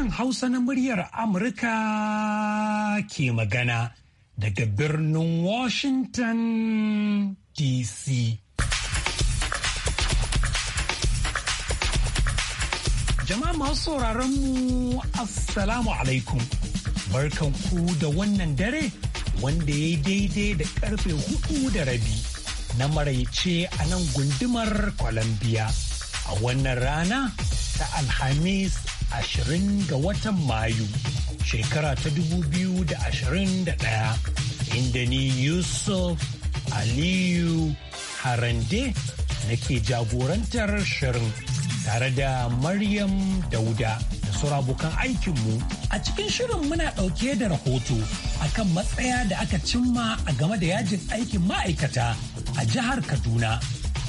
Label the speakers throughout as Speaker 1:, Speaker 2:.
Speaker 1: sashen Hausa na muryar Amurka ke magana daga birnin Washington DC. Jama'a masu sauraron mu Assalamu alaikum. Barkan ku da wannan dare wanda ya yi daidai da karfe hudu da rabi na maraice a nan gundumar Columbia. A wannan rana ta Alhamis ashirin ga watan Mayu shekara ta dubu biyu da ashirin da ɗaya inda ni Yusuf Aliyu Harande nake jagorantar shirin tare da Maryam Dauda da sauran abokan aikinmu a cikin shirin muna ɗauke da rahoto akan matsaya da aka cimma a game da yajin aikin ma'aikata a jihar Kaduna.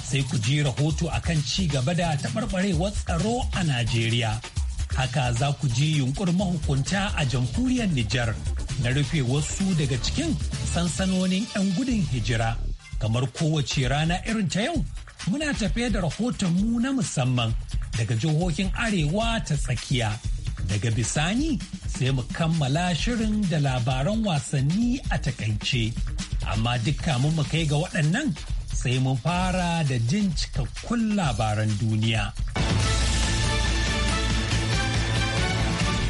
Speaker 1: sai ku ji rahoto akan ci gaba da taɓarɓarewar tsaro a Najeriya. haka za ku ji yunkur mahukunta a jamhuriyar Nijar na rufe wasu daga cikin sansanonin 'yan gudun hijira. Kamar kowace rana irin ta yau, muna tafe da rahoton mu na musamman daga jihohin Arewa ta tsakiya. Daga bisani sai mu kammala shirin da labaran wasanni a takaice. Amma dukka mu kai ga waɗannan sai mun fara da jin cikakkun labaran duniya.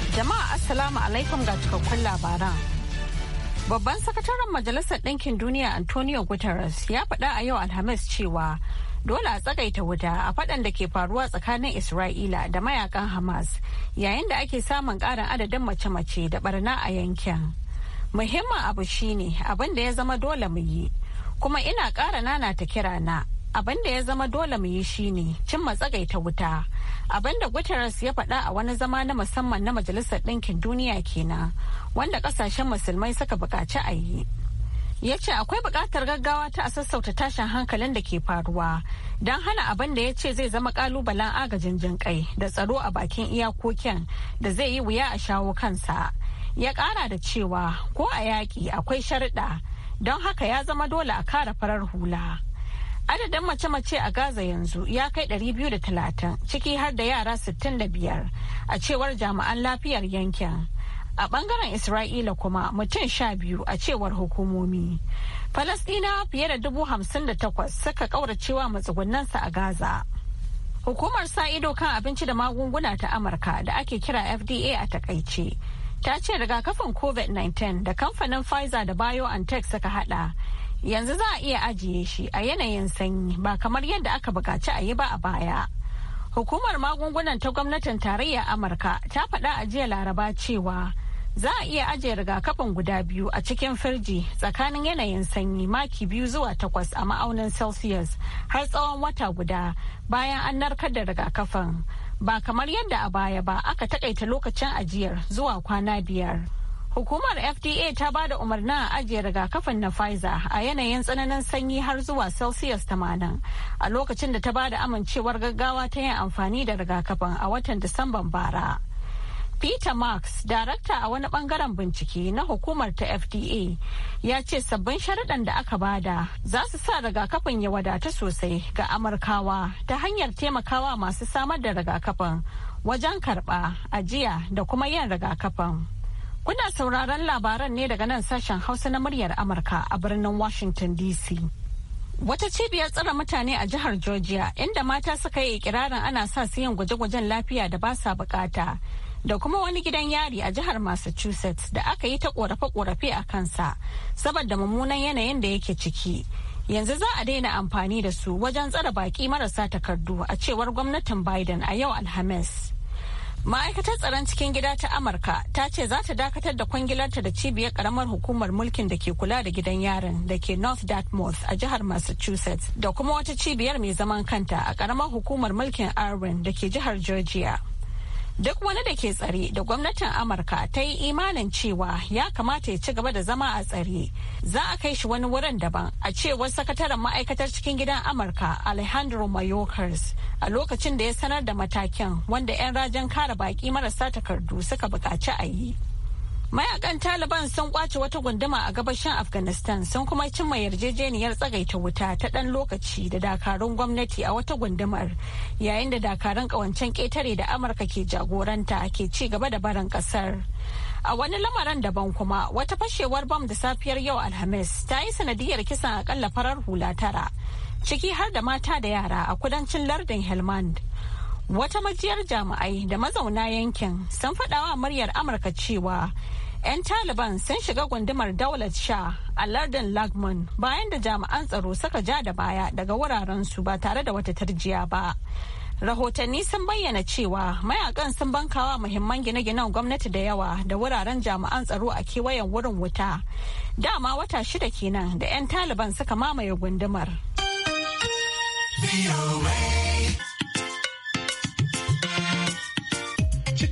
Speaker 2: Jama'a Assalamu alaikum ga cikakkun labaran. Babban sakataren Majalisar Ɗinkin Duniya Antonio Guterres ya faɗa a yau Alhamis cewa dole a tsagaita wuta a faɗan da ke faruwa tsakanin Isra'ila da mayakan Hamas yayin da ake samun ƙarin adadin mace-mace da barna a yankin. Muhimmin abu shine abin da ya zama dole mu yi, kuma ina ƙara nana ta kira na. abin da ya zama dole mu yi shine cimma tsagaita wuta abin da guterres ya faɗa a wani zama na musamman na majalisar ɗinkin duniya kenan wanda ƙasashen musulmai suka buƙaci a yi ya ce akwai buƙatar gaggawa ta a sassauta tashin hankalin da ke faruwa don hana abin da ya ce zai zama ƙalubalen agajin jinƙai da tsaro a bakin iyakokin da zai yi wuya a shawo kansa ya ƙara da cewa ko a yaƙi akwai sharɗa don haka ya zama dole a kara farar hula. Adadin mace-mace a Gaza yanzu ya kai 230 ciki har da yara 65 a cewar jami'an lafiyar yankin. A bangaren Isra'ila kuma mutum sha biyu a cewar hukumomi. falasdina fiye da dubu hamsin da takwas suka ƙauracewa matsugunansa a Gaza. Hukumar sa ido kan abinci da magunguna ta Amurka da ake kira FDA a takaice. ta ce rigakafin covid-19 da kamfanin pfizer da biontech suka hada yanzu za a iya ajiye shi a yanayin sanyi ba kamar yadda aka bukaci a yi ba a baya. Hukumar magungunan ta gwamnatin tarayya Amurka ta faɗa a jiya Laraba cewa za a iya ajiye rigakafin guda biyu a cikin firji tsakanin yanayin sanyi maki biyu zuwa takwas a ma'aunin Celsius har tsawon wata guda bayan an narkar da rigakafin. Ba kamar yadda a baya ba aka taƙaita lokacin ajiyar zuwa kwana biyar. Hukumar FDA ta ba da umarnin a ajiye rigakafin na Pfizer a yanayin tsananin sanyi har zuwa Celsius 80 a lokacin da ta ba da amincewar gaggawa ta yin amfani da rigakafin a watan Disamban bara. Peter Marks, darakta a wani bangaren bincike na hukumar ta FDA, ya ce sabbin sharaɗan da aka bada za su sa rigakafin ya wadata sosai ga Amurkawa ta hanyar taimakawa masu samar da rigakafin wajen karɓa, ajiya da kuma yin rigakafin. Kuna sauraron labaran ne daga nan sashen Hausa na muryar Amurka a birnin Washington DC. Wata cibiyar tsare mutane a jihar Georgia inda mata suka yi ikirarin ana sa su yin gwaje-gwajen lafiya da ba sa bukata. Da kuma wani gidan yari a jihar Massachusetts da aka yi ta korafe-korafe a kansa saboda mummunan yanayin da yake ciki. Yanzu za a daina amfani da su wajen tsare baki marasa takardu a cewar gwamnatin Biden a yau Alhamis. Ma'aikatar tsaron cikin gida ta Amurka ta ce za ta dakatar da kwangilarta da cibiyar karamar hukumar mulkin da ke kula da gidan yarin da ke North Dartmouth a jihar Massachusetts da kuma wata cibiyar mai zaman kanta a karamar hukumar mulkin Arwen da ke jihar Georgia. duk wani da ke tsare da gwamnatin amurka ta yi imanin cewa ya kamata ya ci gaba da zama a tsare za a kai shi wani wurin daban a cewar sakataren ma'aikatar cikin gidan amurka alejandro mayorkas a lokacin da ya sanar da matakin wanda 'yan rajin kare baki marasa takardu suka buƙaci a yi mayakan taliban sun kwace wata gunduma a gabashin afghanistan sun kuma cimma yarjejeniyar tsagaita wuta ta ɗan lokaci da dakarun gwamnati a wata gundumar yayin da dakarun ƙawancen ƙetare da amurka ke jagoranta ke ci gaba da barin ƙasar a wani lamarin daban kuma wata fashewar bam da safiyar yau alhamis ta yi sanadiyar kisan akalla farar hula tara ciki har da mata da yara a kudancin lardin helmand Wata majiyar jami'ai da mazauna yankin sun faɗawa muryar Amurka cewa 'yan Taliban sun shiga gundumar daular sha a lardin Lagman bayan da jami'an tsaro suka ja da baya daga wuraren su ba tare da wata tarjiya ba. Rahotanni sun bayyana cewa mayakan sun bankawa muhimman gine-ginen gwamnati da yawa da wuraren jami'an tsaro a kewayen wurin wuta. Dama wata shida kenan da 'yan Taliban suka mamaye gundumar.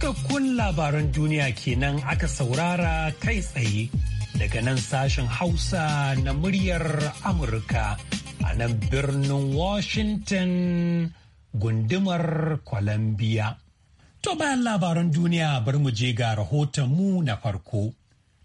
Speaker 1: cikakkun labaran duniya kenan aka saurara kai tsaye daga nan sashen Hausa na muryar Amurka a nan birnin Washington gundumar Columbia. To bayan labaran duniya bari mu je ga rahoton mu na farko.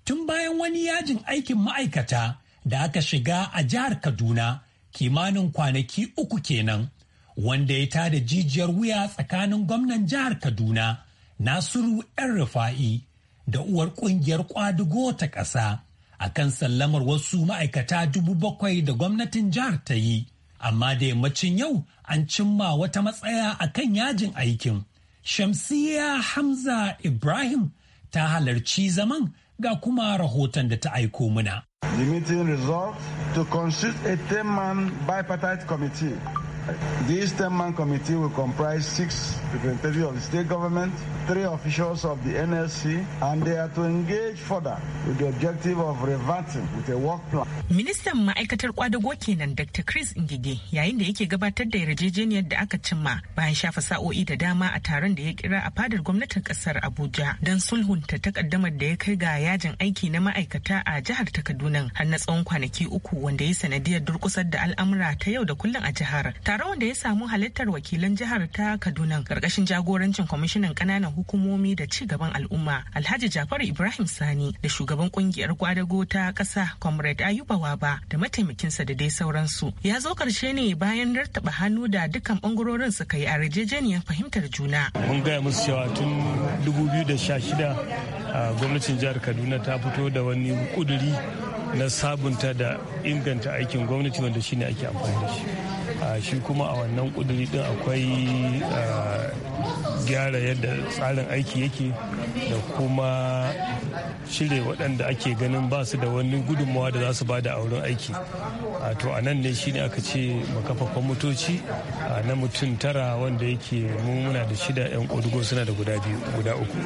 Speaker 1: Tun bayan wani yajin aikin ma'aikata da aka shiga a jihar Kaduna kimanin kwanaki uku kenan, wanda ya tada jijiyar wuya tsakanin gwamnan jihar Kaduna. Nasiru 'yan rufa'i da uwar ƙungiyar ƙwadugo ta ƙasa a kan sallamar wasu ma'aikata dubu bakwai da gwamnatin jihar ta yi. Amma da yammacin yau an cimma wata matsaya a kan yajin aikin. Shamsiya Hamza Ibrahim ta halarci zaman ga kuma rahoton da ta aiko muna.
Speaker 3: The meeting resolved to consist a 10-man bipartite committee This 10-man committee will comprise six representatives of the state government, three officials of the NSC, and they are to engage further with the objective of reverting with a work plan.
Speaker 4: Ministan ma'aikatar kwadago kenan Dr. Chris Ngige yayin da yake gabatar da yarjejeniyar da aka cimma bayan shafa sa'o'i da dama a taron da ya kira a fadar gwamnatin kasar Abuja don sulhunta takaddamar da ya kai ga yajin aiki na ma'aikata a jihar ta Kaduna har na tsawon kwanaki uku wanda ya sanadiyar durkusar da al'amura ta yau da kullum a jihar. Ta taron wanda ya samu halittar wakilan jihar ta Kaduna karkashin jagorancin kwamishinan kananan hukumomi da ci gaban al'umma Alhaji Jafaru Ibrahim Sani da shugaban kungiyar gwadago ta ƙasa Comrade Ayuba Waba da mataimakinsa da dai sauransu. Ya zo karshe ne bayan rattaba hannu da dukkan bangarorin suka yi a yarjejeniyar fahimtar juna.
Speaker 1: Mun gaya musu cewa tun 2016 gwamnatin jihar Kaduna ta fito da wani kuduri na sabunta da inganta aikin gwamnati wanda shine ake amfani da shi. shi kuma a wannan kuduri din akwai gyara yadda tsarin aiki yake da kuma cire waɗanda ake ganin ba su da wani gudunmawa da za su ba da auren aiki to a nan ne shi ne aka ce makafafan motoci na mutum tara wanda yake muna da shida 'yan kudugo suna da guda biyu guda uku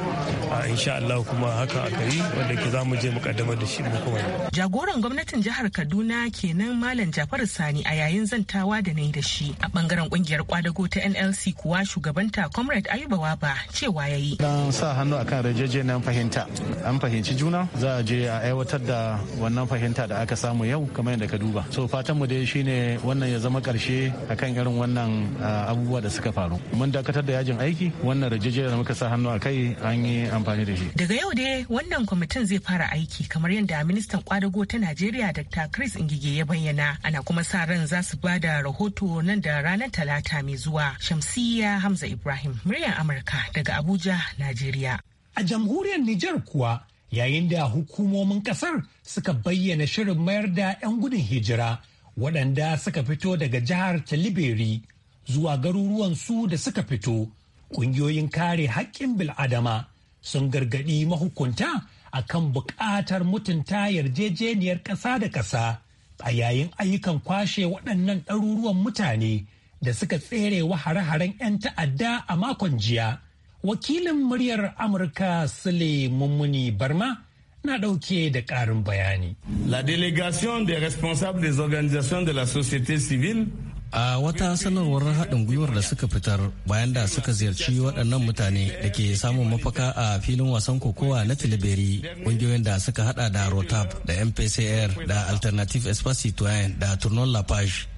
Speaker 1: insha Allah kuma haka aka yi wanda ke za mu je mu kaddamar da shi mu kuma
Speaker 4: jagoran gwamnatin jihar Kaduna kenan malam jafar Sani a yayin zantawa da ne amfani da shi a bangaren kungiyar kwadago ta nlc kuwa shugabanta comrade ayuba ba cewa ya yi dan sa
Speaker 5: hannu akan rajejeniyar fahimta an fahimci juna za a je a aiwatar da wannan fahimta da aka samu yau kamar yadda ka duba so fatanmu dai shine wannan ya zama karshe kan irin wannan abubuwa da suka faru mun dakatar da yajin aiki wannan rajejeniyar muka sa hannu a kai an yi amfani da shi
Speaker 4: daga yau dai wannan kwamitin zai fara aiki kamar yadda ministan kwadago ta najeriya dr chris ingige ya bayyana ana kuma sa ran za su ba da rahoto rahoto nan da ranar talata mai zuwa shamsiya hamza ibrahim muryar amurka daga abuja najeriya a jamhuriyar nijar kuwa yayin da hukumomin kasar suka bayyana
Speaker 1: shirin mayar da 'yan gudun hijira waɗanda suka fito daga jihar taliberi zuwa garuruwan su da suka fito ƙungiyoyin kare haƙƙin bil'adama sun gargaɗi mahukunta akan buƙatar mutunta yarjejeniyar ƙasa da ƙasa a yayin ayyukan kwashe waɗannan ɗaruruwan mutane da suka tsere wa hare-haren 'yan ta'adda a makon jiya. Wakilin muryar Amurka Sule Mummuni Barma na ɗauke da ƙarin bayani. La
Speaker 6: Delegation des responsables des organisations de la société civile a wata sanarwar
Speaker 7: haɗin gwiwar da suka fitar bayan da suka ziyarci waɗannan mutane da ke samun mafaka a filin wasan kokowa na tilibiri ƙungiyoyin da suka hada da rotab da mpcr da alternative espacitoyen da tournon la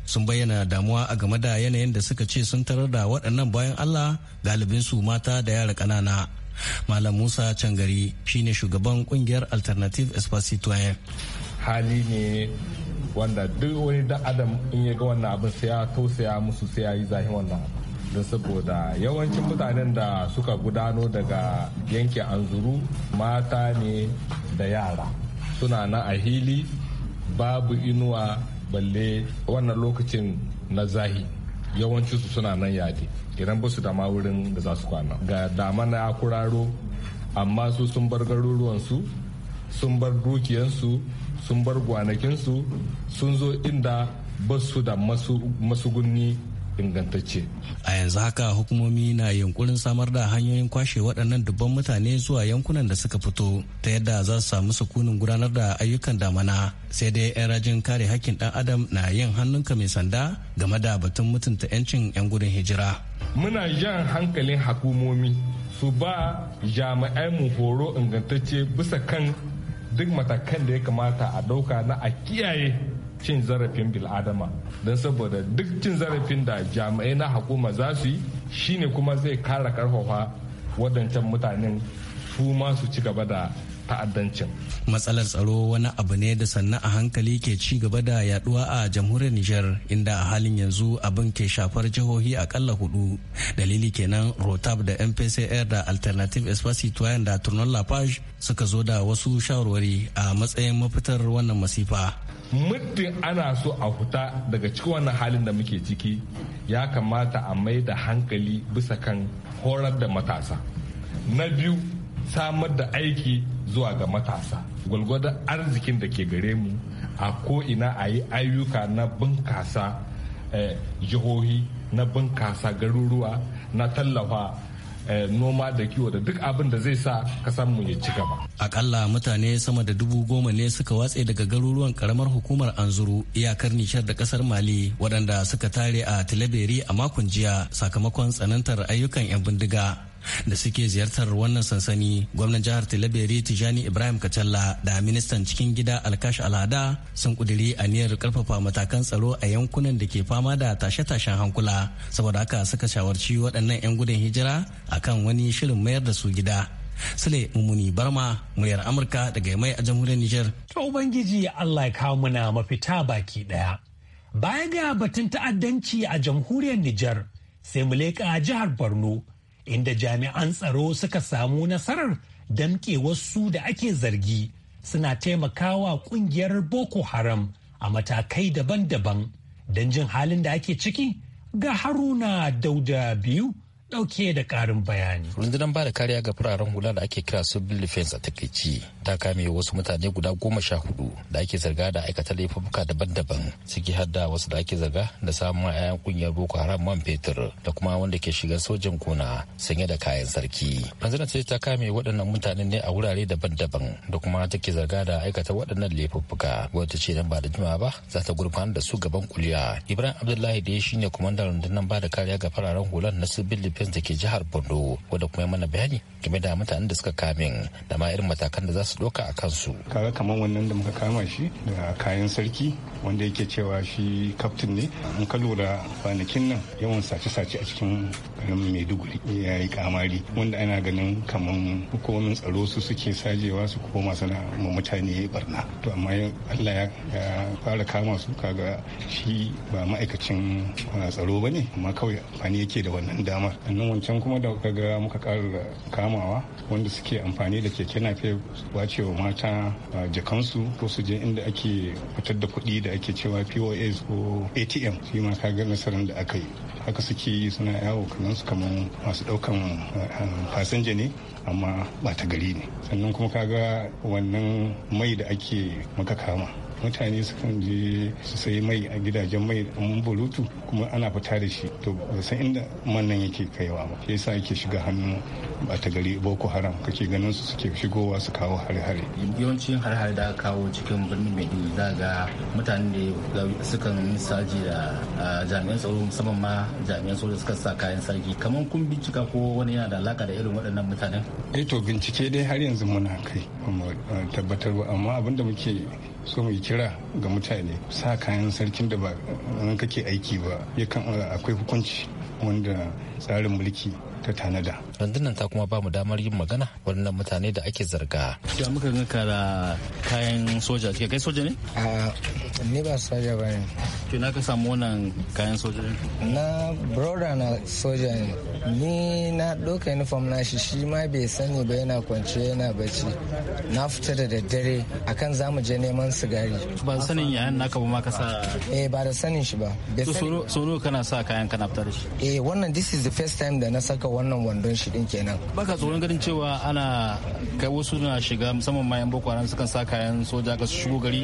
Speaker 7: sun bayyana damuwa a game da yanayin da suka ce sun tarar da waɗannan bayan allah galibinsu mata da yara ƙanana malam musa cangari shine shugaban ƙungiyar alternative espacitoyen hali
Speaker 6: ne wanda duk wani dan adam in ya ga wannan abin sai ya tausaya musu sai ya yi zahin wannan don saboda yawancin mutanen da suka gudano daga yankin anzuru mata ne da yara suna na a hili babu inuwa balle wannan lokacin na zahi yawancinsu suna nan yadi idan ba su da ma wurin da za su kwana ga damana ya kuraro amma su sun bar garuruwansu sun bar dukiyansu sun bar gwanakinsu sun zo inda ba su da masugunni ingantacce.
Speaker 7: A yanzu haka hukumomi na yunkurin samar da hanyoyin kwashe waɗannan dubban mutane zuwa yankunan da suka fito ta yadda za su samu sukunin gudanar da ayyukan damana sai dai 'yan rajin kare hakkin ɗan adam na yin hannunka mai sanda game da batun mutunta 'yancin
Speaker 6: 'yan gudun hijira. Muna jan hankalin hukumomi su ba jami'ai mu horo ingantacce bisa kan duk matakan da ya kamata a ɗauka na a kiyaye cin zarafin bil'adama don saboda duk cin zarafin da jami'ai na hakuma za su yi shine kuma zai kara karfafa waɗancan mutanen su ma su ci gaba da ta'addancin matsalar tsaro wani abu ne da sannan
Speaker 7: a hankali ke ci gaba da yaduwa a jamhuriyar Nijar inda a halin yanzu abin ke shafar jihohi a akalla hudu dalili kenan rotab da mpcr da alternative espacito da turnon page suka zo da wasu shawarwari a matsayin mafitar wannan masifa
Speaker 6: muddin ana so a fita daga cikin wannan halin da muke ciki ya kamata a mai da hankali bisa kan horar da matasa na biyu samar da aiki zuwa ga matasa gwalgwadon arzikin da ke gare mu a ko'ina a yi ayyuka na bunkasa eh, jihohi na bunkasa garuruwa na tallafa eh, noma da kiwo da duk abin da zai sa kasan mu ya ci gaba. Akalla mutane sama da dubu goma ne suka watse daga garuruwan
Speaker 7: karamar hukumar Anzuru iyakar nishar da kasar Mali waɗanda suka tare a Tileberi a makon jiya sakamakon tsanantar ayyukan 'yan bindiga. da suke ziyartar wannan sansani gwamnan jihar Tilaberi Tijani Ibrahim Kacalla da ministan cikin gida Alkash Alhada sun kuduri aniyar karfafa matakan tsaro a yankunan da ke fama da tashe-tashen hankula saboda haka suka shawarci waɗannan 'yan gudun hijira akan wani shirin mayar da su gida.
Speaker 1: Sule Mumuni Barma muryar Amurka daga mai a jamhuriyar Nijar. to Ubangiji Allah ya kawo muna mafita baki daya. Baya ga batun ta'addanci a jamhuriyar Niger sai mu leƙa jihar Borno inda jami'an tsaro suka samu nasarar damƙe wasu da ake zargi suna taimakawa ƙungiyar boko haram a matakai daban-daban don jin halin da ake ciki ga haruna dauda biyu dauke da karin bayani. Rundunar ba da kariya ga fararen hula
Speaker 5: da ake kira civil defense a takaici ta kame wasu mutane guda goma sha hudu da ake zarga da aikata laifuka daban-daban ciki har da wasu da ake zarga da samun ayan kungiyar boko haram man fetur da kuma wanda ke shiga sojan gona sanye da kayan sarki. Rundunar ce ta kame waɗannan mutane ne a wurare daban-daban da kuma take zarga da aikata waɗannan laifuka wata ce dan ba da jima ba za ta gurfanar da su gaban kuliya. Ibrahim Abdullahi da ya shine kwamandan rundunar ba da kariya ga fararen hular na civil Philippines da ke jihar bondo wadda kuma mana bayani game da mutanen da suka kamin da ma irin matakan
Speaker 8: da za su doka a kansu kaga kamar wannan da muka kama shi da kayan sarki wanda yake cewa shi kaftin ne mun ka lura kwanakin nan yawan sace-sace a cikin garin maiduguri ya yi kamari wanda ana ganin kamar hukumomin tsaro su suke sajewa su koma sana ma mutane barna to amma allah ya fara kama su kaga shi ba ma'aikacin ah, tsaro ba ne amma kawai amfani yake da wannan damar sannan wancan kuma da kaga muka kara kamawa wanda suke amfani da keke nafe wace wa mata jakansu ko su je inda ake fitar da kuɗi da ake cewa pos ko atm shi ma kaga nasarar da aka yi haka suke yi suna yawo kanansu su kaman masu ɗaukan fasinja ne amma ba ta gari ne sannan kuma ka ga wannan mai da ake maka kama mutane sukan je su sayi mai a gidajen mai mun bulutu kuma ana fita da shi to ba san inda man nan yake kaiwa ba ke sa yake shiga hannu ba ta gari boko haram kake ganin su suke shigowa su kawo hare-hare yawancin hare-hare da kawo cikin birnin maiduguri za
Speaker 5: ga mutane da sukan saji da jami'an tsaro musamman ma jami'an tsaro suka sa kayan sarki kamar kun bincika ko wani yana da alaka da irin waɗannan mutanen
Speaker 8: eh to bincike dai har yanzu muna kai kuma tabbatarwa amma abinda muke so mu kira ga mutane sa kayan sarkin da ba nan kake aiki ba yakan akwai hukunci wanda tsarin mulki ta tanada. Rundunar ta kuma ba mu damar yin magana
Speaker 5: wannan mutane da ake zarga. Ya muka ga kara kayan soja, kika kai soja ne? A ni ba soja ba ne. na ka samu wannan kayan soja ne? Na
Speaker 6: broda na soja ne. Ni na doka uniform na shi shi ma bai sani ba yana kwance yana bacci. Na fita da daddare akan zamu je neman sigari. Ba
Speaker 5: sanin yayan naka ba ma ka sa.
Speaker 6: Eh ba da sanin shi ba.
Speaker 5: soro kana sa kayan kana fitar shi.
Speaker 6: Eh wannan this is the first time da na saka wannan wandon shi din kenan
Speaker 5: baka tsoron ganin cewa ana kai wasu na shiga musamman ma yan boko sukan sa kayan soja ga su shigo gari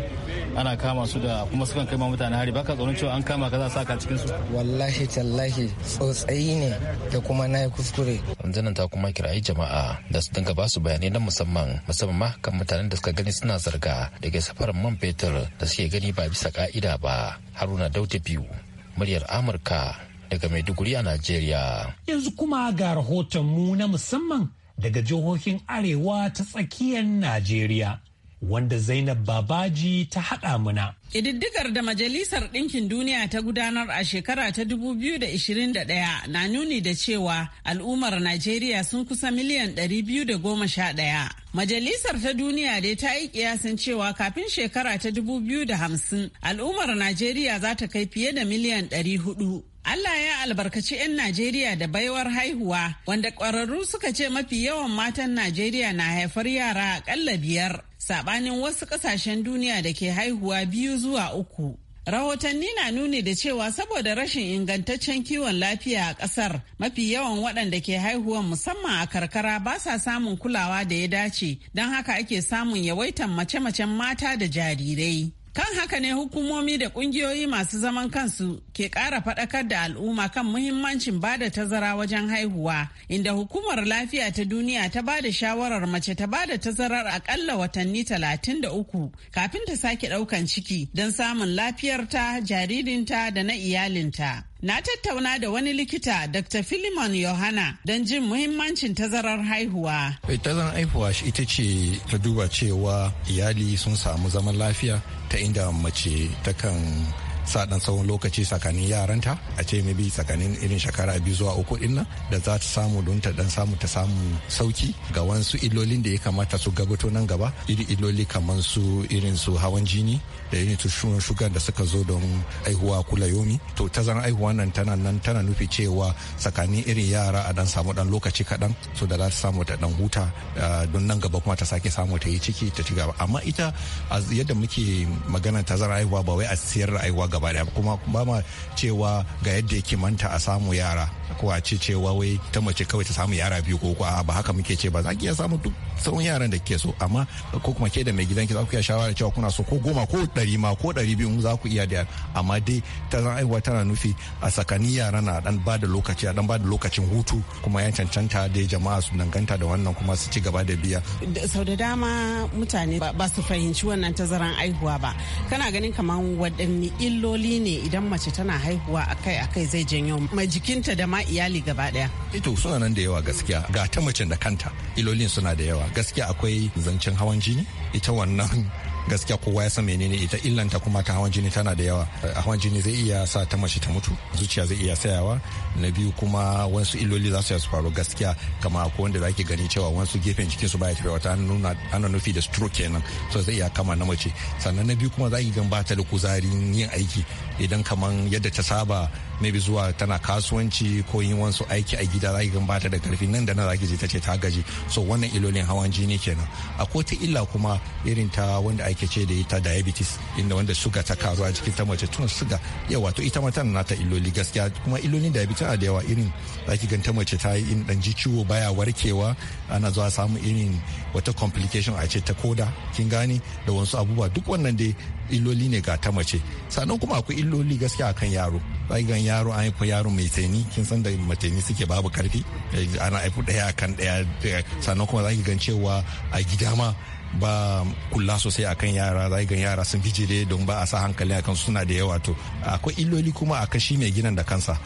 Speaker 5: ana kama su da kuma sukan kai ma mutane hari baka tsoron cewa an kama ka za sa ka cikin su wallahi tallahi tsotsayi ne da kuma na yi kuskure nan ta kuma kirayi jama'a da su dinga basu bayanai na musamman musamman ma kan mutanen da suka gani suna zarga daga safarar man fetur da suke gani ba bisa ka'ida ba haruna dauda biyu muryar amurka daga Maiduguri a Najeriya.
Speaker 1: Yanzu kuma ga rahoton mu na musamman daga jihohin Arewa ta tsakiyar Najeriya. Wanda Zainab Babaji ta haɗa muna.
Speaker 9: Ƙididdigar da Majalisar Ɗinkin Duniya ta gudanar a shekara ta 2021 na nuni da cewa al'ummar Najeriya sun kusa miliyan 211. Majalisar ta duniya dai ta yi kiyasin cewa kafin shekara ta 2050 al'ummar Najeriya za ta kai fiye da miliyan 400 Allah ya albarkaci 'yan Najeriya da baiwar haihuwa wanda ƙwararru suka ce mafi yawan matan Najeriya na haifar yara aƙalla biyar saɓanin wasu ƙasashen duniya da ke haihuwa biyu zuwa uku. Rahotanni na nuni da cewa saboda rashin ingantaccen kiwon lafiya a ƙasar mafi yawan waɗanda ke haihuwan musamman a karkara ba sa samun kulawa da ya dace don haka ake samun yawaitan mace-macen mata da jarirai. Kan haka ne hukumomi da kungiyoyi masu zaman kansu ke ƙara faɗakar da al'umma kan muhimmancin ba da tazara wajen haihuwa, inda hukumar lafiya ta duniya ta ba da shawarar mace ta ba da tazarar akalla watanni talatin da uku kafin ta sake ɗaukan ciki don samun lafiyarta, jaririnta da na iyalinta. Na tattauna da wani likita Dr. Philemon Yohana don jin muhimmancin tazarar haihuwa.
Speaker 3: Eh, tazarar
Speaker 10: haihuwa ita ce ta duba cewa iyali sun samu zaman lafiya ta inda mace ta kan sadan tsawon lokaci tsakanin yaranta a ce mai bi tsakanin irin shekara biyu zuwa uku din da za ta samu don ta dan samu ta samu sauki ga wasu illolin da ya kamata su gabato nan gaba iri illoli kamar su irin su hawan jini da tushen da suka zo don aihuwa kula yomi to ta zan aihuwa nan tana nan tana nufi cewa tsakanin irin yara a dan samu dan lokaci kaɗan so da za ta samu ta dan huta ah, don nan gaba kuma ta sake samu ta yi ciki ta ci amma ita yadda muke magana zan aihuwa ba wai a siyar da aihuwa gaba daya kuma ba ma cewa ga yadda yake manta a samu yara ko a ce cewa wai ta mace kawai ta samu yara biyu ko kuwa ba haka muke ce ba za ki iya samu duk sauran yaran da kike so amma ko kuma ke da mai gidanki za ku iya shawara cewa kuna so ko goma ko ɗari ma ko ɗari biyu za ku iya da amma dai ta zan aiwa tana nufi a tsakanin yara na dan ba da lokaci a dan ba da lokacin hutu kuma ya cancanta dai jama'a su danganta da wannan kuma su ci gaba da biya.
Speaker 9: sau da dama mutane ba su fahimci wannan tazaran aihuwa ba kana ganin kamar waɗanne illoli ne idan mace tana haihuwa akai-akai zai janyo ma jikinta da ma iyali gaba daya
Speaker 10: ito suna nan da yawa gaskiya ga ta macen da kanta ilolin suna da yawa gaskiya akwai zancen hawan jini ita wannan gaskiya kowa ya san menene ita illanta kuma ta hawan jini tana da yawa hawan jini zai iya sa ta mace ta mutu zuciya zai iya sayawa na biyu kuma wasu iloli za su yi faru gaskiya kama akwai wanda zaki gani cewa wasu gefen jikin su baya tafiya wata ana nufi da stroke kenan so zai iya kama na mace sannan na biyu kuma zaki gan ba ta da kuzarin yin aiki idan kaman yadda ta saba maybe zuwa tana kasuwanci ko yin wasu aiki a gida za ki gan bata da karfi nan da nan ki je ce ta gaji so wannan ilolin hawan jini kenan akwai ta illa kuma irin ta wanda ake ce da ita diabetes inda wanda suga ta karu a jikin ta mace tun suga yawa to ita mata na ta illoli gaskiya kuma illolin diabetes tana da yawa irin za zaki gan ta mace ta yi in dan ji ciwo baya warkewa ana zuwa samu irin wata complication a ce ta koda kin gane da wasu abubuwa duk wannan dai illoli ne ga ta mace sannan kuma akwai illoli gaskiya akan yaro gan yaro an haifa yaro mai taini kin san da mataini suke babu karfi eh, ana haifu daya kan daya eh, sannan kuma zaki gan cewa a gida ma ba kula sosai akan yara zai yara sun bijire don ba a sa hankali a kansu suna da yawa to akwai illoli kuma a kashi mai ginin da kansa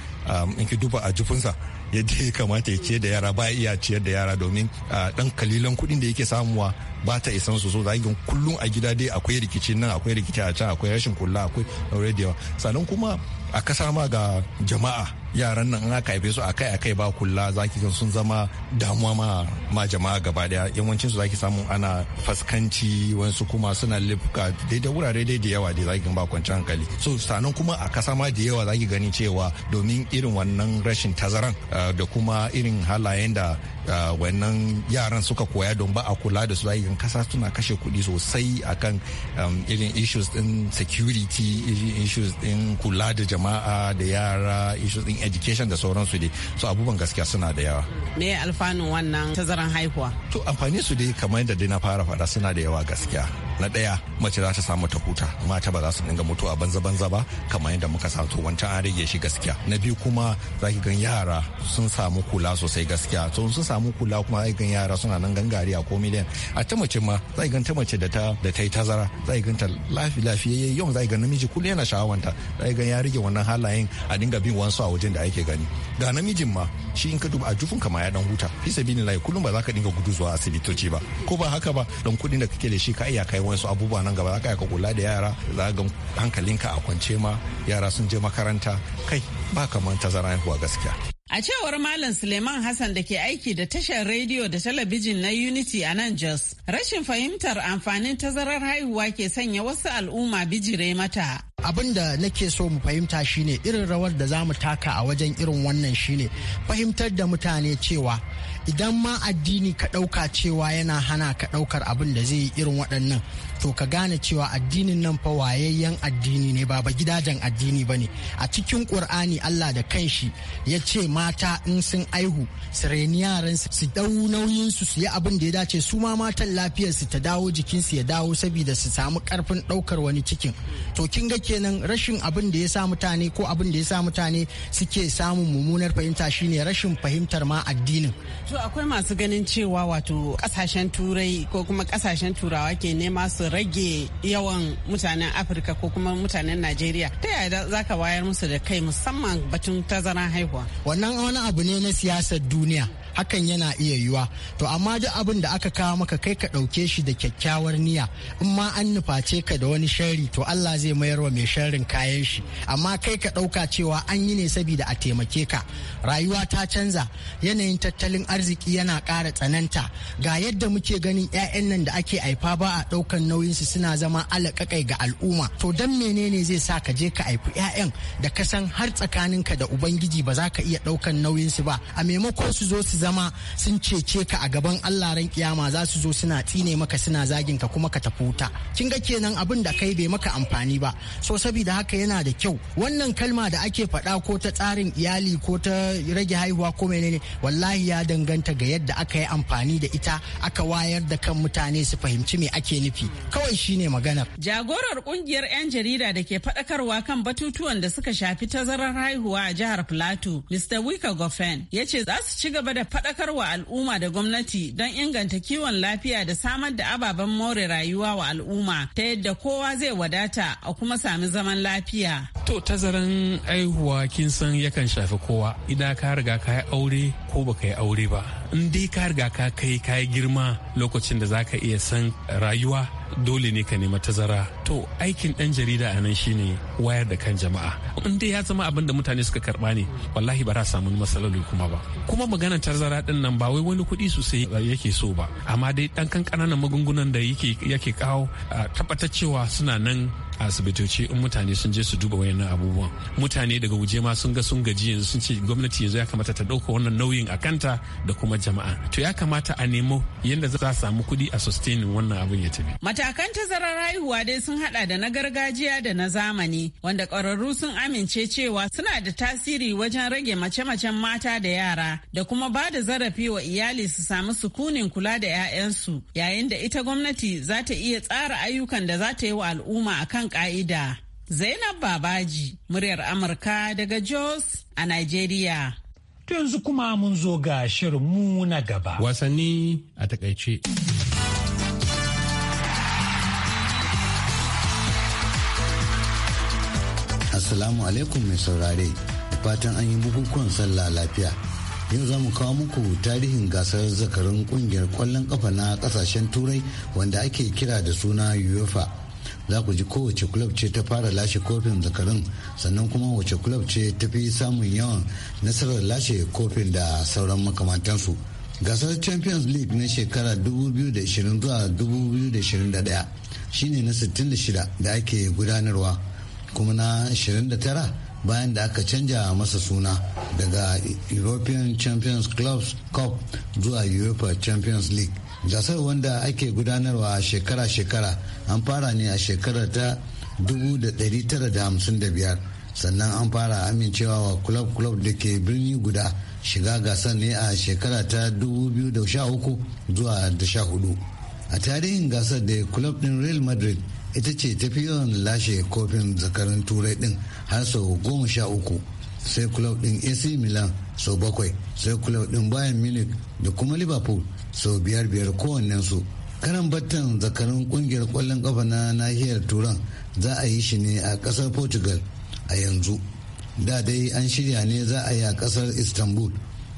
Speaker 10: in ki duba a jufinsa yadda ya kamata ya ciyar da yara ba iya ciyar da yara domin dan kalilan kuɗin da yake samuwa ba ta isan su so zagin kullum a gida dai akwai rikici nan akwai rikici a can akwai rashin kula akwai aure da yawa sannan kuma a kasa ma ga jama'a yaran nan aka haife su akai akai ba kula zaki ga sun zama damuwa ma ma jama'a gaba daya yawancin su zaki samu ana faskanci wasu kuma suna lifka daidai wurare dai da yawa da zaki ba kwanci hankali so sanan kuma a kasa ma da yawa zaki gani cewa domin irin wannan rashin tazaran eh, da kuma irin halayen da wannan yaran suka koya don ba a kula da su zagin kasa suna kashe kuɗi sosai akan um, irin issues din security irin issues din kula da jama'a da yara issues din education da sauransu dai so abubuwan gaskiya suna da yawa
Speaker 9: me alfanun wannan tazaran haihuwa
Speaker 10: to amfani su dai kamar yadda dai na fara faɗa suna da yawa gaskiya na ɗaya mace za ta samu ta huta mata ba za su dinga mutuwa banza-banza ba kamar yadda muka sa to wancan an rage shi gaskiya na biyu kuma za ki gan yara sun samu kula sosai gaskiya to sun samu kula kuma za ki gan yara suna nan gangari a ko miliyan a ta mace ma za ki gan ta mace da ta da ta yi tazara za ki gan ta lafi lafiya yau za ki gan namiji kullum yana sha'awanta za ki gan ya rage wannan halayen a dinga bin wansu a wajen da ake gani ga namijin ma shi in ka duba a jufun kama ya dan huta fi lai kullum ba za ka dinga gudu zuwa asibitoci ba ko ba haka ba don kuɗin da kake da shi ka iya kai wasu abubuwa nan gaba za ka kula da yara za ga hankalinka a kwance ma yara sun je makaranta kai ba kamar tazara haihuwa gaskiya
Speaker 9: A cewar Malam Suleiman Hassan da ke aiki da tashar rediyo da talabijin na Unity
Speaker 11: a nan Jos, rashin
Speaker 9: fahimtar amfanin tazarar haihuwa ke sanya wasu al'umma bijire
Speaker 11: mata. Abin da nake so mu fahimta shine irin rawar da zamu taka a wajen irin wannan shine fahimtar da mutane cewa idan ma addini ka ɗauka cewa yana hana ka ɗaukar abin da zai yi irin waɗannan to ka gane cewa addinin nan fa wayayyen addini ne ba gidajen addini ba ne a cikin ƙur'ani allah da kanshi ya ce mata in sun aihu su reni yaran su dau nauyin su yi abin da ya dace su ma matan lafiyar su ta dawo jikin su ya dawo saboda su samu karfin ɗaukar wani cikin to kin ga kenan rashin abin da ya sa mutane ko abin da ya sa mutane suke samun mummunar fahimta shine rashin fahimtar ma addinin to akwai masu ganin cewa wato kasashen
Speaker 9: turai ko kuma kasashen turawa ke nema su rage yawan mutanen afirka ko kuma mutanen najeriya ta yaya za ka wayar musu da kai musamman batun tazaran haihuwa
Speaker 11: wannan wani abu ne na siyasar duniya hakan yana iya yiwa to amma duk abin da aka kawo maka kai ka ɗauke shi da kyakkyawar niyya in ma an nuface ka da wani sharri to Allah zai mayar wa mai sharrin kayan shi amma kai ka ɗauka cewa an yi ne saboda a taimake ka rayuwa ta canza yanayin tattalin arziki yana ƙara tsananta ga yadda muke ganin 'ya'yan nan da ake haifa ba a ɗaukan nauyinsu suna zama alaƙaƙai ga al'umma to dan menene zai sa ka je ka haifi 'ya'yan da ka san har tsakaninka da ubangiji ba za ka iya ɗaukan nauyinsu ba a maimakon su zo su zama zama sun cece ka a gaban Allah ran kiyama za su zo suna tsine maka suna zagin ka kuma ka tafi wuta kin ga kenan abin da kai bai maka amfani ba so saboda haka yana da kyau wannan kalma da ake faɗa ko ta tsarin iyali ko ta rage haihuwa ko menene wallahi ya danganta ga yadda aka yi amfani da ita aka wayar da kan mutane su fahimci me ake nufi kawai shine maganar
Speaker 9: jagorar kungiyar 'yan jarida da ke faɗakarwa kan batutuwan da suka shafi tazarar haihuwa a jihar plateau mr wika goffin ya ce za su ci gaba da wa al'umma da gwamnati don inganta kiwon lafiya da samar da ababen more rayuwa wa al'umma ta yadda kowa zai wadata a kuma sami zaman lafiya.
Speaker 1: To tazaran aihuwa kin san yakan shafi kowa idan ka riga ka yi aure ko baka yi aure ba. In dai ka riga ka kai ka girma lokacin da za ka iya san rayuwa dole ne ka nema tazara to aikin dan jarida a nan shine wayar da kan jama'a in dai ya zama abin da mutane suka karba ne wallahi ba za samu matsaloli kuma ba kuma maganar tazara din nan ba wai wani kuɗi sosai eh, yake so ba amma dai dan kan magungunan da yake yake kawo tabbatar cewa suna nan a asibitoci in mutane sun je su duba wayannan abubuwan mutane daga waje ma sun ga sun gaji yanzu sun ce gwamnati yanzu ya kamata ta ɗauka wannan nauyin a kanta da kuma jama'a to ya kamata a nemo yadda za a samu kuɗi a sustaining wannan abun ya tafi
Speaker 9: matakan tazarar haihuwa dai sun hada da na gargajiya da na zamani wanda ƙwararru sun amince cewa suna da tasiri wajen rage mace-macen mata da yara da kuma ba da zarafi wa iyali su samu sukunin kula da 'ya'yansu yayin da ita gwamnati za ta iya tsara ayyukan da za ta yi wa al'umma akan ka'ida. Zainab Babaji, muryar Amurka daga Jos a Nigeria.
Speaker 1: To yanzu kuma mun zo ga mu na gaba. Wasanni a takaice.
Speaker 3: asalamu alaikum mai saurare, fatan an yi bukukuwan sallah lafiya. yau za mu kawo muku tarihin gasar zakarun kungiyar kwallon kafa na kasashen turai wanda ake kira da suna uefa za ku ji kowace club ce ta fara lashe kofin zakarin sannan kuma wace club ce ta fi samun yawan nasarar lashe kofin da sauran makamantansu gasar champions league na shekara 2020 zuwa 2021 shine na 66 da ake gudanarwa kuma na 29 bayan da aka canja masa suna daga european champions clubs cup zuwa europa champions league gasar wanda ake gudanarwa a shekara-shekara an fara ne a shekarar ta 1955 sannan an fara amincewa wa club-club da ke birni guda shiga gasar ne a shekara ta 2013 zuwa 14 a tarihin gasar da club din real madrid ita ce tafi yawan lashe kofin zakarin turai din har sau goma sha uku sai club din ac milan sau bakwai sai club din bayern munich da kuma liverpool sau biyar biyar su karan battan zakarin kungiyar kwallon kafa na nahiyar turan za a yi shi ne a kasar portugal a yanzu da dai an shirya ne za a yi a kasar istanbul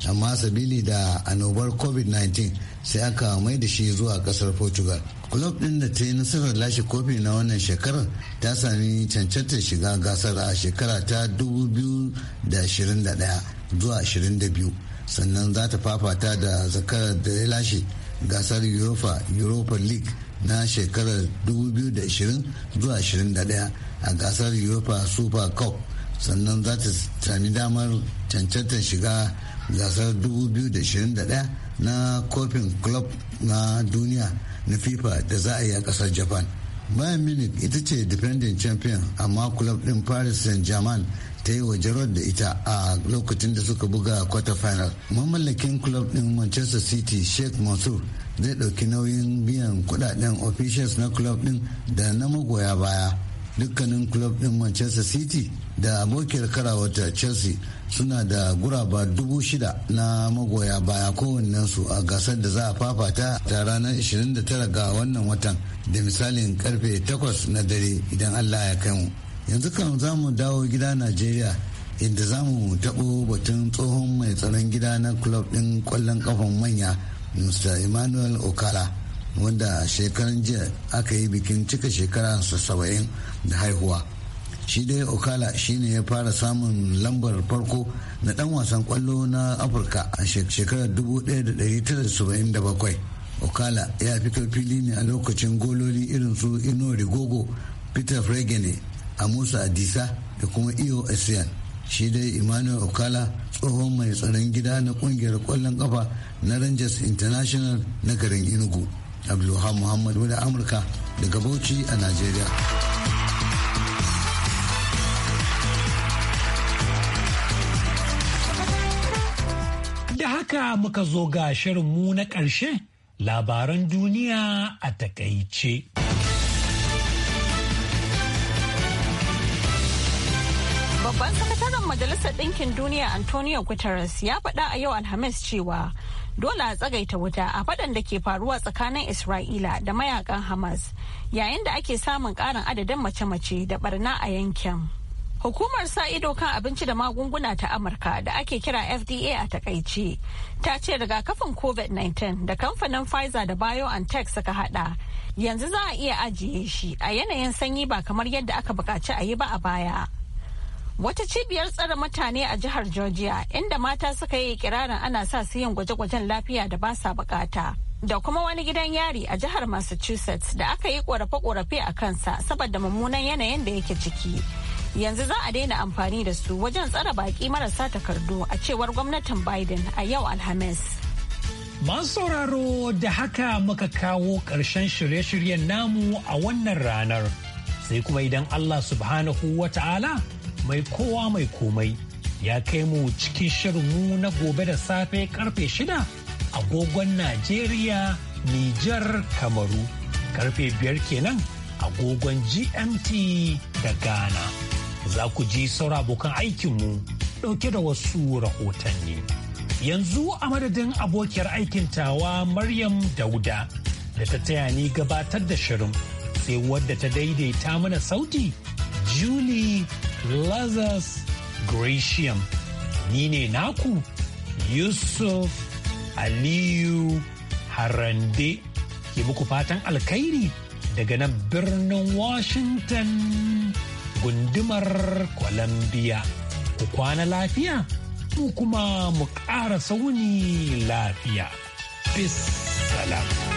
Speaker 3: amma sabili da annobar covid-19 sai aka mai da shi zuwa kasar portugal club din da ta yi nasarar lashe kofi na wannan shekarar ta sami cancantar shiga gasar a shekara ta 2021 zuwa 22 sannan za ta fafata da zakarar da ya lashe gasar europa europa league na shekarar 2020 zuwa 21 a gasar europa super cup sannan za ta sami damar cancantar shiga gasar 2021 na kofin club na duniya na fifa da za a yi a kasar japan bayan munich ita ce defending champion amma club din paris saint-germain ta yi wa da ita a lokacin da suka buga quarter final. Mamallakin club din Manchester City Sheikh Mansur zai ɗauki nauyin biyan kudaden officials na club din da na magoya baya. Dukkanin club din Manchester City da abokiyar karawata Chelsea suna da guraba dubu shida na magoya baya kowannensu a gasar da za a fafata ta ranar 29 ga wannan watan da misalin karfe 8 na dare idan Allah ya kai mu. yanzu kan za mu dawo gida najeriya inda za mu taɓo batun tsohon mai tsaron gida na club ɗin ƙwallon ƙafan manya mr emmanuel okala wanda shekaran jiya aka yi bikin cika shekara saba'in da haihuwa shi dai okala shine ya fara samun lambar farko na dan wasan kwallo na afirka a shekarar 1977 okala ya fito fili ne a lokacin gololi irin su ino rigogo peter fregene amusa adisa da kuma iyo asiyan shi dai emmanuel okala tsohon mai tsaron gida na kungiyar kwallon kafa na rangers international na garin inugu Abdullahi muhammad wani amurka daga bauchi a Najeriya.
Speaker 1: da haka muka zo ga shirinmu na ƙarshe labaran duniya a takaice.
Speaker 2: Majalisar Ɗinkin Duniya Antonio Guterres ya faɗa a yau Alhamis cewa dole a tsagaita wuta a faɗan da ke faruwa tsakanin Isra'ila da mayakan Hamas yayin da ake samun ƙarin adadin mace-mace da barna a yankin. Hukumar sa ido kan abinci da magunguna ta Amurka da ake kira FDA a takaice ta ce rigakafin COVID-19 da kamfanin Pfizer da BioNTech suka hada yanzu za a iya ajiye shi a yanayin sanyi ba kamar yadda aka bukaci a yi ba a baya. Wata cibiyar tsare mutane a jihar Georgia inda mata suka yi ikirarin ana sa su yin gwaje-gwajen lafiya da ba sa bukata. Da kuma wani gidan yari a jihar Massachusetts da aka yi korafe-korafe a kansa saboda mummunan yanayin da yake ciki. Yanzu za a daina amfani da su wajen tsare baƙi marasa takardu a cewar gwamnatin Biden a yau Alhamis.
Speaker 1: Masu sauraro da haka muka kawo ƙarshen shirye-shiryen namu a wannan ranar. Sai kuma idan Allah subhanahu wa ta'ala mai kowa mai komai ya kai mu cikin shirinmu na gobe da safe karfe shida agogon Najeriya, Nijar, Kamaru. Karfe biyar kenan agogon GMT da Ghana. Za ku ji saura abokan aikinmu ɗauke da wasu rahotanni. Yanzu a madadin abokiyar aikin tawa Maryam Dauda da ta taya ni gabatar da shirin sai wadda ta daidaita mana sauti Julie Lazarus Gratium. Ni ne naku Yusuf Aliyu Harande ke muku fatan alkhairi daga nan birnin Washington gundumar Columbia. Ku kwana lafiya, mu kuma mu ƙara sauni lafiya. Peace. Salam.